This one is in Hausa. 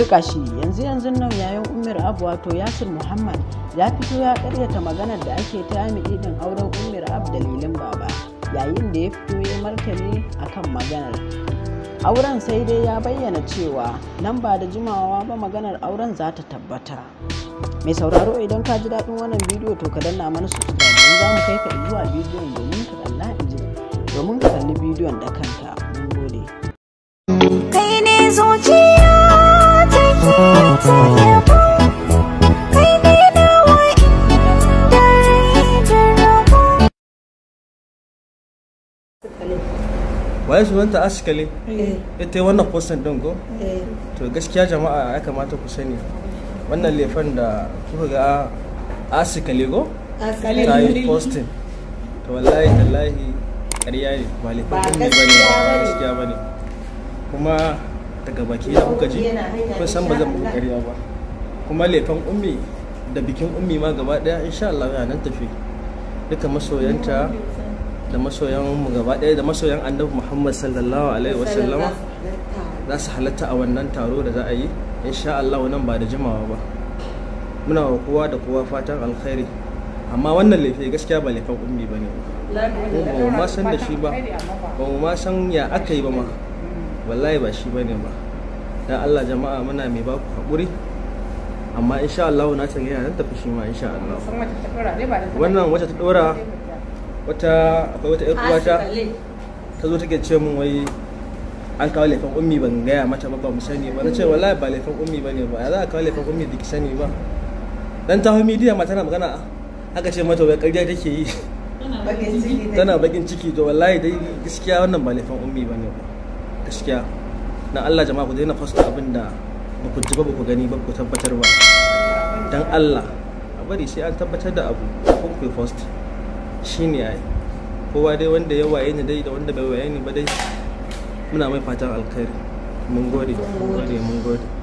turka shi yanzu yanzu nan yayin umar abu wato yasir muhammad ya fito ya karyata maganar da ake ta yami idan auren umar abu dalilin baba yayin da ya fito ya martani akan maganar auren sai dai ya bayyana cewa nan ba da jimawa ba maganar auren za ta tabbata mai sauraro idan ka ji daɗin wannan bidiyo to ka danna mana subscribe don za mu kai ka zuwa bidiyon domin ka in ji domin ka kalli bidiyon da kanka mun gode kai ne zuciya waye su sunanta askale eh. ita yi wannan postan ɗin ko eh. to gaskiya jama'a ya kamata ku sani wannan laifin da kuka ga askale ko ta yi postin to wallahi tallahi ƙarya ne ba laifin ne ba ne gaskiya ba ne kuma daga baki ya kuka ji kun san ba zan buga ƙarya ba kuma laifin ummi da bikin ummi ma gaba ɗaya insha Allah ya nan tafi duka masoyanta da masoyan mu gaba ɗaya da masoyan annabi muhammad sallallahu alaihi wasallama za su halatta a wannan taro da za a yi insha Allah nan ba da jimawa ba muna wa kowa da kowa fatan alkhairi amma wannan laifi gaskiya ba laifin ummi ba ne ba mu ma san da shi ba ba mu ma san ya aka yi ba ma wallahi ba shi ba ne ba dan Allah jama'a muna mai ba ku haƙuri amma insha Allah na yana nan tafi shi ma insha Allah wannan wacce ta dora wata akwai wata uwata ta zo take ce min wai an kawo laifin ummi ban gaya mata ba ba mu sani ba na ce wallahi ba laifin ummi ba ne ba ya za a kawo laifin ummi da ki sani ba dan ta hau midiya ma tana magana Haka ce mata wai ƙarya take yi tana bakin ciki to wallahi dai gaskiya wannan ba laifin ummi ba ne ba gaskiya dan Allah jama'a ku daina fasta abin da ba ku ji ba ba ku gani ba ku tabbatar ba dan Allah a bari sai an tabbatar da abu ko ku fasta ne ai kowa dai wanda ya waye ni dai da wanda bai waye ni ba dai muna mai fatan alkhairi mun gode mun gode mun gode